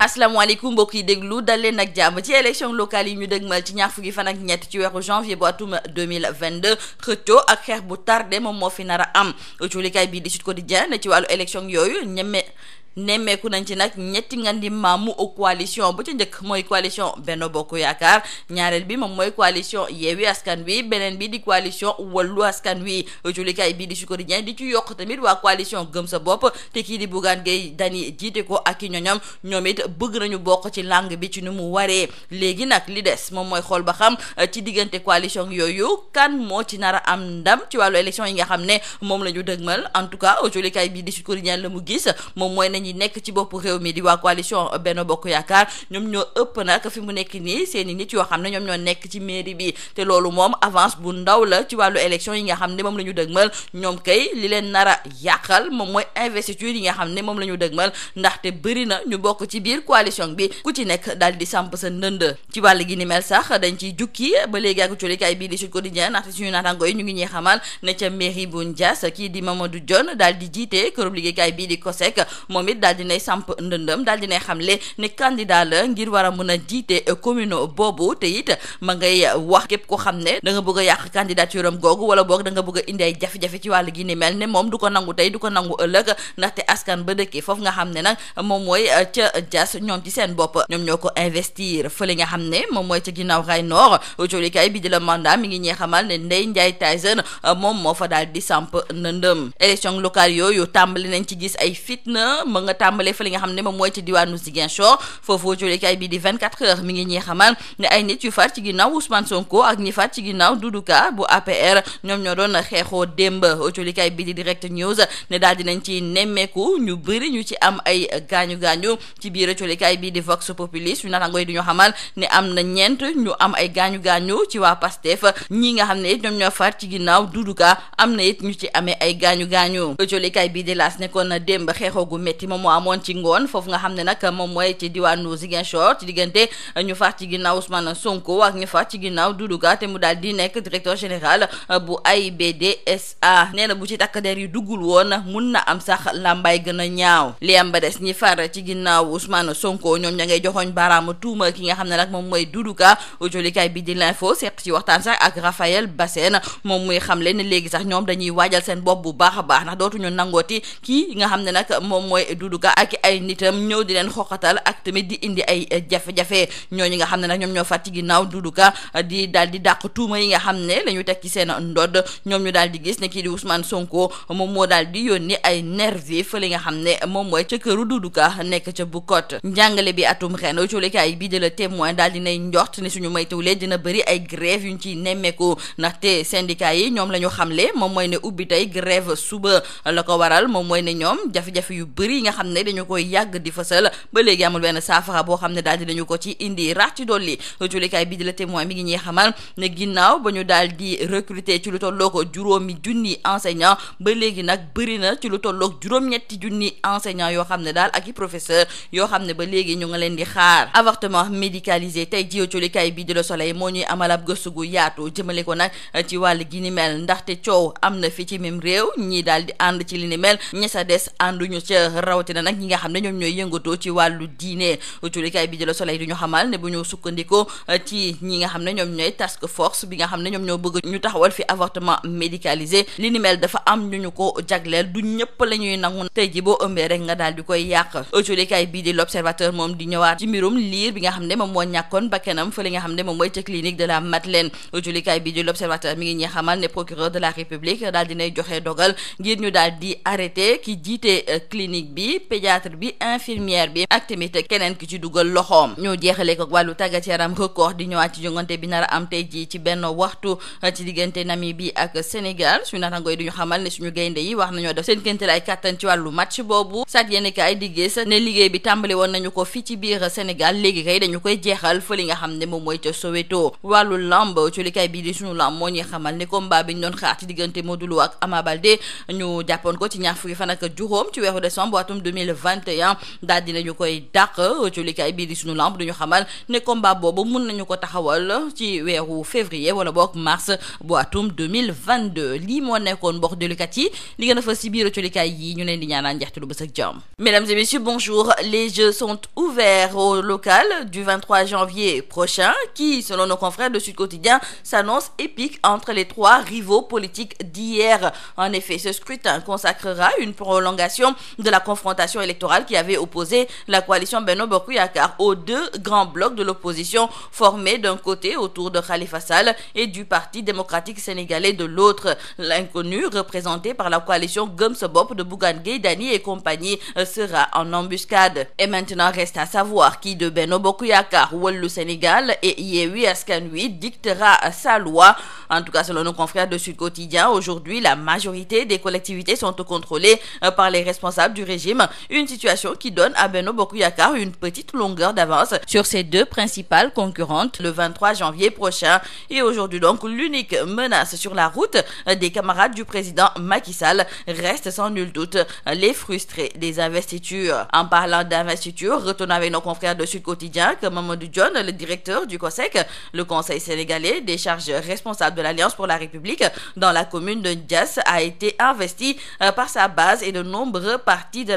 asalaamaaleykum mbokk yi déglu dal leen ak jàmm ci élection locale yi ñu dégmal ci ñaar fukki fan ak ñett ci weeru janvier bu atum 2022 xëccoo ak xeex bu tardé moom moo fi nar am cuulikaay bii di Sud Quotidien ne ci wàllu élection yooyu ñeme nemmeeku nañ ci nag ñetti ngandi maamu coalition bu ca njëkk mooy coalition benn Bokk Yaakaar ñaareel bi moom mooy coalition Yewwi Askan Wi beneen bi di coalition Wallu Askan Wi julikaay bii di Sud Quotidien di ci yokk tamit waa coalition Gëm Sa Bopp te kii di Bougane Gueye Dany jiite ko ak i ñoñom ñoom it bëgg nañu bokk ci langue bi ci nu mu waree léegi nag li des moom mooy xool ba xam ci diggante coalition yooyu kan moo ci nar a am ndam ci wàllu élection yi nga xam ne moom la ñu dëgmal en tout cas julikaay bi di Sud Quotidien la mu gis moom mooy nañu yi nekk ci bopp réew mi di waa coalition Benno Bokk Yaakaar ñoom ñoo ëpp nag fi mu nekk nii seen nit yoo xam ne ñoom ñoo nekk ci mairie bi te loolu moom avance bu ndaw la ci wàllu élection yi nga xam ne moom la ñu dëgmal ñoom kay li leen nar a yàqal moom mooy investiture yi nga xam ne moom la ñu dëgmal ndaxte bëri na ñu bokk ci biir coalition bi ku ci nekk daal di samp sa ndënd ci wàll gi ni mel sax dañ ciy jukki ba léegi ak colikaay bii di su Sud Quotidien ndaxte suñu naataango yi ñu ngi ñuy xamal ne ca mairie bu Ndias kii di Mamadou Dione daal di tamit daal dinay samp ndëndëm daal dinay xamle ne candidat la ngir war a mën a jiite commune boobu te it ma ngay wax képp ko xam ne da nga bëgg a yàq candidature am googu wala boog danga nga bëgg a indi ay jafe-jafe ci wàllu gi ni mel ne moom du ko nangu tey du ko nangu ëllëg ndaxte askan ba dëkkee foofu nga xam ne nag moom mooy ca Diass ñoom ci seen bopp ñoom ñoo ko investir fële nga xam ne moom mooy ca ginnaaw Rail Nord jolikaay bi di la mandat mi ngi ñee xamal ne Ndeye Ndiaye Tyson moom moo fa dal di samp ndëndëm élection locale ma nga tàmbalee fa li nga xam ne moom mooy ci diwaanu Ziguinchor foofu jolekaay bi di 24 heures mi ngi ñuy xamal ne ay nit yu faat ci ginnaaw Ousmane Sonko ak ñi faat ci ginnaaw Doudou Ka bu APR ñoom ñoo doon xeexoo démb jolekaay bi di direct news ne daal dinañ ci nemmeeku ñu bëri ñu ci am ay gaañu gaañu ci biir jolekaay bi di Vox Populi suñu naataango yi di ñu xamal ne am na ñeent ñu am ay gaañu gaañu ci waa Pastef ñi nga xam ne it ñoom ñoo faat ci ginnaaw Doudou Ka am na it ñu ci amee ay gaañu gaañu jolekaay bi di laas nekkoon na démb xeexoo gu metti moom moo amoon ci ngoon foofu nga xam ne nag moom mooy ci diwaanu Ziguinchor ci diggante ñu far ci ginnaaw Ousmane Sonko ginnaaw Doudou Ka te mu daal di nekk directeur général bu AIBDSA nee na bu ci takk der yi duggul woon mun na am sax làmbaay gën a ñaaw li am ba des ñi far ci ginnaaw Ousmane Sonko ñoom ña ngay joxoñ baaraamu tuuma ki nga xam ne nag moom mooy Doudou Ka jolikaay bi di l'info seq ci waxtaan sax ak Raphaël Bassène moom muy xamle ne léegi sax ñoom dañuy waajal seen bopp bu baax a baax ndax dootuñu nangooti kii nga xam ne nag moom mooy Doudou Ka ak ay nitam ñëw di leen xoqatal ak tamit di indi ay eh, jafe-jafe ñooñu nga xam ne nag ñoom ñoo fàtti ginnaaw Doudou eh, di daal di dàq tuuma yi nga xam ne la teg ci seen ndodd ñoom ñu daal di gis ne kii di Ousmane Sonko moom moo daal di yónni ay nervi li nga xam ne moom mooy ca këru Doudou nekk ca Bukot njàngale bi atum ren coolikaay bii de la témoin daal di nay njort ni suñu may moytuwulee dina bari ay grève yuñ ci nemmeeku ndaxte syndicat yi ñoom la ñu xamle moom mooy ne ubbi tey grève suba la ko waral moom mooy ne ñoom jafe yu bëri nga xam ne dañu koy yàgg di fësal ba léegi amul benn saafara boo xam ne daal di dañu ko ci indi rax ci dolli julikaay bi di la témoin mi ngi ñuy xamal ne ba ñu daal di recruter na ci lu tolloog juróom-ñetti junni enseignant yoo xam ne daal ak yoo xam ne ba léegi ñu nga leen di xaar avortement médicalisé tey jii julikaay bi di la soleil moo ñuy amal ab gëstu gu yaatu jëmale ko nag ci wàll gi ni mel ndaxte coow am na fi ci même réew ñii daal di ànd ci li ni mel ña sa des ànduñu ca raw rawatina nag ñi nga xam ne ñoom ñooy ëmbee rek nga daal di koy yàq culikaay bii di l'observateur moom di ñëwaat ci mbirum liir bi nga xam ne moom moo ñàkkoon bakkanam fa li nga xam ne moom mooy ca clinique de la Madeleine culikaay bii di l'observateur mi ngi ñuy ne procureur de la république daal dinay joxe dogal ngir ñu daal di arrêté ki jiite euh, clinique bi bi pédiatre bi infirmière bi ak tamit keneen ki ci dugal loxoom ñu jeexalee ko wàllu tàggat yaram record di ñëwaat a am tey jii ci benn waxtu ci diggante Namibie yi wax nañoo def seen kénte ay kàttan ci wàllu match boobu sat yéen kay diggée sa ne liggéey bi tàmbali woon nañu ko fii ci biir Sénégal léegi kay dañu koy jeexal fële nga xam ne mooy ca Soweto wàllu lamb ci li kay bii di suñu lamb moo ñuy xamal ne combat bi ñu doon xaar ci diggante Modou Lo ak Ama Baldé ñu jàppoon ko ci ñaar fukki fan ak atum 2021 daal dinañu koy dàq julikaay bii di sunu lamb duñu xamal ne combat boobu mun nañu ko taxawal ci weeru février wala boog mars bu atum 2022 lii moo nekkoon mbokk jullikat yi li gën a fës ci biir julikaay mesdames et messieurs bonjour les jeux sont ouverts au local du janvier prochain qui selon nos confrères de Sud Quotidien s'annonce épique entre les trois rivaux politiques d'hier en effet ce scrutin consacrera une prolongation de la conférence confrontation électorale qui avait opposé la coalition Benno Bokk Yakaar aux deux grands blocs de l'opposition formés d'un côté autour de Khalifa Sall et du Parti démocratique sénégalais de l'autre. L'inconnu, représenté par la coalition Gëm Bopp de Bougane Gueye Dany et compagnie, euh, sera en embuscade. Et maintenant, reste à savoir qui de Benno Bokk Yakaar, Wallu Sénégal et Yewwi Askan dictera sa loi. En tout cas, selon nos confrères de Sud Quotidien, aujourd'hui, la régime, une situation qui donne à Benno Bokuyakar une petite longueur d'avance sur ses deux principales concurrentes le janvier prochain. Et aujourd'hui donc, l'unique menace sur la route des camarades du président Macky reste sans nul doute les frustrés des investitures. En parlant d'investiture, retournons avec nos confrères de Sud Quotidien que Mamadou John, le directeur du COSEC, le Conseil sénégalais des charges de l'Alliance pour la République dans a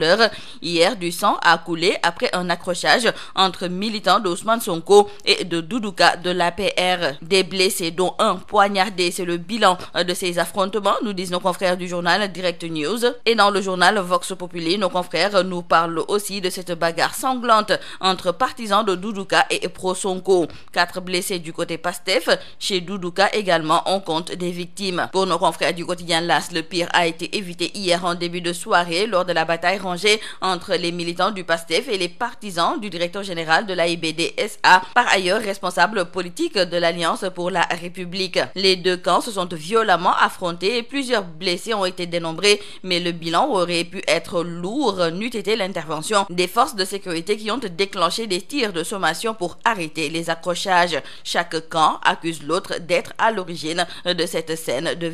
l'heure. Hier, du sang a coulé après un accrochage entre militants d'Ousmane Sonko et de Doudouka de l'APR. Des blessés, dont un poignardé, c'est le bilan de ces affrontements, nous disent nos confrères du journal Direct News. Et dans le journal Vox Populi, nos confrères nous parlent aussi de cette bagarre sanglante entre partisans de Doudouka et pro-Sonko. Quatre blessés du côté Pastef. Chez Doudouka également, on compte des victimes. Pour nos confrères du quotidien LAS, a été évité hier de soirée lors de la bataille échangés entre les militants du PASTEF et les partisans du directeur général de l'AIBD-SA, par ailleurs responsable politique de l'Alliance pour la République. Les deux camps se sont violemment affrontés et plusieurs blessés ont été dénombrés, mais le bilan aurait pu être lourd n'eût été l'intervention des forces de sécurité qui ont déclenché des tirs de sommation pour arrêter les accrochages. Chaque camp accuse l'autre d'être à l'origine de cette scène de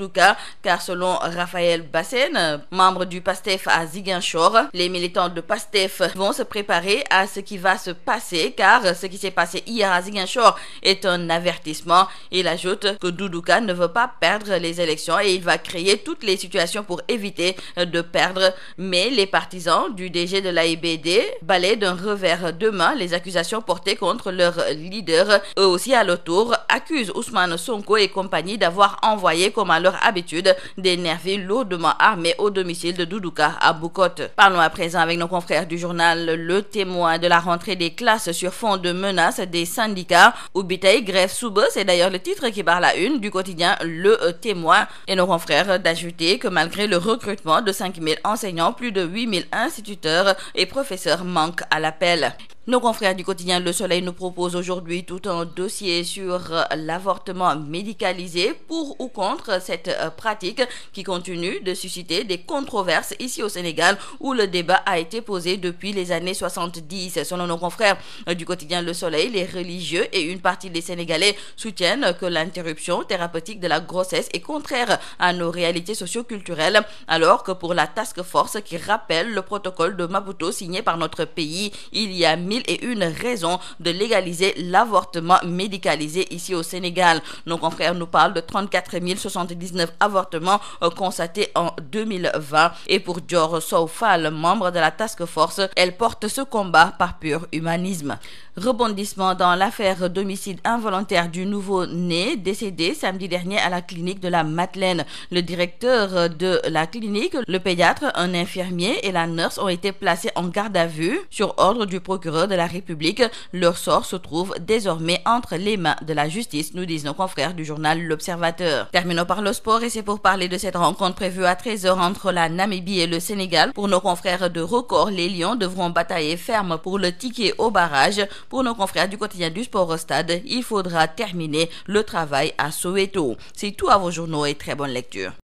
tout cas car selon Raphaël Bassène membre du PASTEF à Ziguinchor les militants de PASTEF vont se préparer à ce qui va se passer car ce qui s'est passé hier à Ziguinchor est un avertissement il ajoute que Doudou Ka ne veut pas perdre les élections et il va créer toutes les situations pour éviter de perdre mais les partisans du DG de l'AIBD balaient d'un revers de les accusations portées contre leur leader eux aussi à leur accusent Ousmane Sonko et compagnie leur habitude d'énerver lourdement armés au domicile de Doudouka à Boucotte. Parlons à présent avec nos confrères du journal Le Témoin de la rentrée des classes sur fond de menaces des syndicats. Ubbi tey grève suba, c'est d'ailleurs le titre qui barre la une du quotidien Le Témoin et nos confrères d'ajouter que malgré le recrutement de 5000 enseignants, plus de 8000 instituteurs et professeurs manquent à l'appel. Nos confrères du quotidien Le Soleil nous proposent aujourd'hui tout un dossier sur euh, l'avortement médicalisé pour ou euh, de susciter des controverses ici au Sénégal où le débat a été posé depuis les années 70. Selon nos confrères euh, du quotidien Le Soleil, et une partie des Sénégalais soutiennent que l'interruption thérapeutique de la grossesse est contraire à nos pour la task force qui rappelle le protocole mille et une raisons de légaliser l'avortement médicalisé ici au Sénégal. Nos confrères nous parlent de 34 079 avortements euh, constatés en 2020. Et pour Dior Sofal, membre de la task force, elle porte ce combat par pur humanisme. Rebondissement dans l'affaire d'homicide involontaire du nouveau-né décédé samedi dernier à la clinique de la Madeleine. Le directeur de la clinique, le pédiatre, un infirmier et la nurse ont été placés en garde à vue sur ordre du procureur de la République. Leur sort se trouve désormais entre les mains de la justice, nous disent nos confrères du journal L'Observateur. Terminons par le sport et c'est pour parler de cette rencontre prévue à 13h entre la Namibie et le Sénégal. Pour nos confrères de record, les Lions devront batailler ferme pour le ticket au barrage. Pour nos confrères du quotidien du sport au stade, il faudra terminer le travail à Soweto. C'est tout à vos journaux